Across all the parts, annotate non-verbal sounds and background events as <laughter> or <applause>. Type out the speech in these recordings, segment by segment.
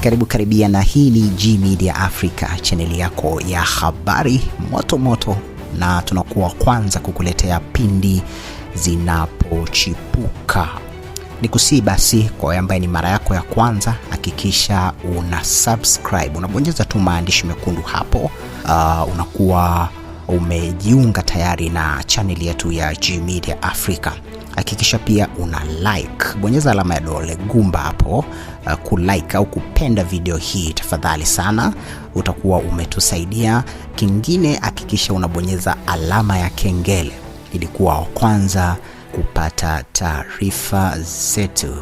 Karibu karibia, na hii ni G Media Africa, chaneli yako ya habari moto moto, na tunakuwa kwanza kukuletea pindi zinapochipuka. Ni kusii basi, kwa wewe ambaye ni mara yako ya kwanza, hakikisha una subscribe, unabonyeza tu maandishi mekundu hapo. Uh, unakuwa umejiunga tayari na chaneli yetu ya G Media Africa hakikisha pia una like, bonyeza alama ya dole gumba hapo uh, kulike au kupenda video hii tafadhali sana, utakuwa umetusaidia. Kingine hakikisha unabonyeza alama ya kengele ili kuwa wa kwanza kupata taarifa zetu.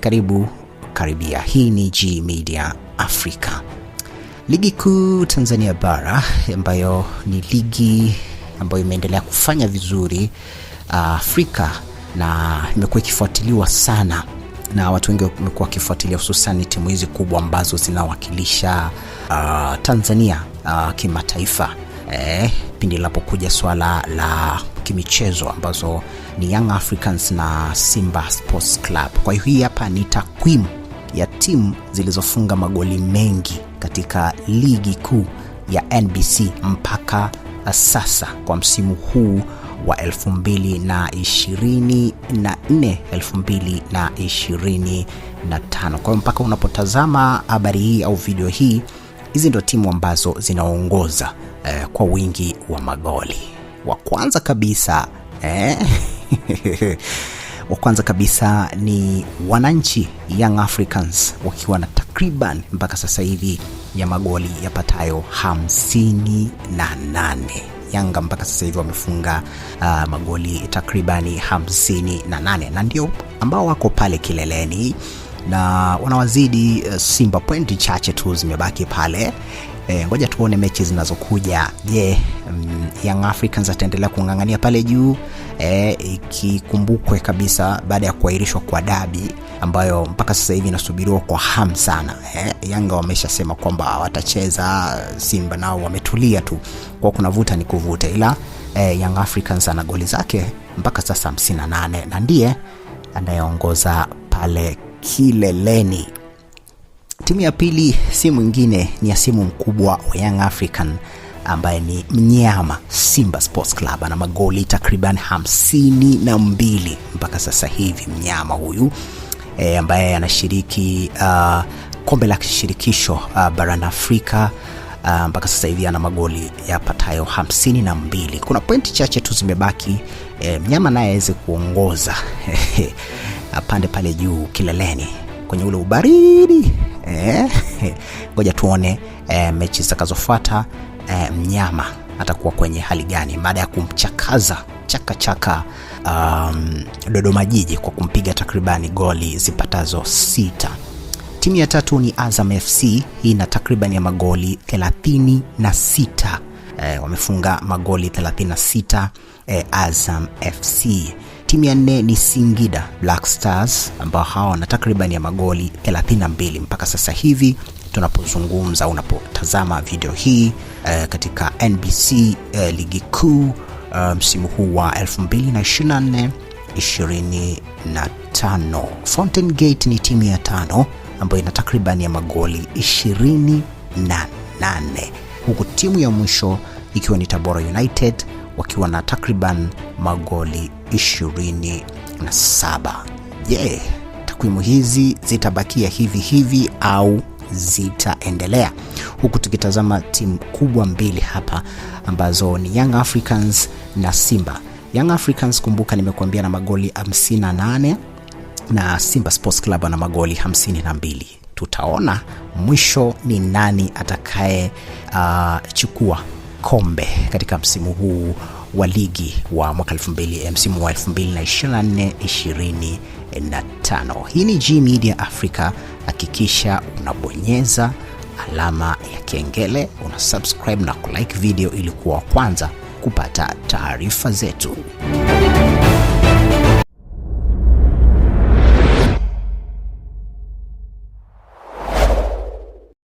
Karibu, karibia. Hii ni G Media Africa. Ligi kuu Tanzania bara ambayo ni ligi ambayo imeendelea kufanya vizuri uh, Afrika na imekuwa ikifuatiliwa sana na watu wengi wamekuwa wakifuatilia hususan timu hizi kubwa ambazo zinawakilisha uh, Tanzania uh, kimataifa eh, pindi linapokuja swala la kimichezo ambazo ni Young Africans na Simba Sports Club. Kwa hiyo hii hapa ni takwimu ya timu zilizofunga magoli mengi katika ligi kuu ya NBC mpaka sasa kwa msimu huu wa 2024 2025. Kwa mpaka unapotazama habari hii au video hii, hizi ndio timu ambazo zinaongoza eh, kwa wingi wa magoli. Wa kwanza kabisa eh? <laughs> wa kwanza kabisa ni wananchi Young Africans wakiwa na takriban mpaka sasa hivi ya magoli yapatayo 58. Yanga mpaka sasa hivi wamefunga uh, magoli takribani 58 na na ndio ambao wako pale kileleni na wanawazidi uh, Simba pointi chache tu zimebaki pale. E, ngoja tuone mechi zinazokuja. Je, um, Young Africans ataendelea kung'ang'ania pale juu? E, ikikumbukwe kabisa baada ya kuahirishwa kwa dabi ambayo mpaka sasa hivi inasubiriwa kwa ham sana. E, Yanga wameshasema kwamba watacheza, Simba nao wametulia tu kwa kuna vuta ni kuvuta, ila e, Young Africans ana goli zake mpaka sasa 58 na ndiye anayeongoza pale kileleni. Timu ya pili si mwingine ni ya simu mkubwa wa Young African ambaye ni mnyama Simba Sports Club. Ana magoli takriban hamsini na mbili mpaka sasa hivi mnyama huyu e, ambaye anashiriki uh, kombe la kishirikisho uh, barani Afrika uh, mpaka sasa hivi ana magoli yapatayo hamsini na mbili. Kuna pointi chache tu zimebaki e, mnyama naye aweze kuongoza <laughs> apande eh, pale juu kileleni kwenye ule ubaridi eh, <laughs> ngoja tuone eh, mechi zitakazofuata eh, mnyama atakuwa kwenye hali gani baada ya kumchakaza chakachaka chaka, um, Dodoma Jiji kwa kumpiga takribani goli zipatazo sita. Timu ya tatu ni Azam FC, hii ina takribani ya magoli 36 eh, wamefunga magoli 36 eh, Azam FC Timu ya nne ni Singida Black Stars ambao hawa wana takriban ya magoli 32 mpaka sasa hivi tunapozungumza, unapotazama video hii uh, katika NBC uh, eh, ligi kuu eh, msimu huu wa 2024 25. Fountain Gate ni timu ya tano ambayo ina takriban ya magoli 28 huku timu ya mwisho ikiwa ni Tabora United wakiwa na takriban magoli 27. Je, takwimu hizi zitabakia hivi hivi au zitaendelea? Huku tukitazama timu kubwa mbili hapa ambazo ni Young Africans na Simba. Young Africans, kumbuka nimekuambia, na magoli 58 na Simba Sports Club ana magoli 52. Tutaona mwisho ni nani atakaye uh, chukua kombe katika msimu huu wa ligi wa mwaka 2000 eh, msimu wa 2024 Hii ni G Media Africa. Hakikisha unabonyeza alama ya kengele, una subscribe na kulike video ili kuwa kwanza kupata taarifa zetu.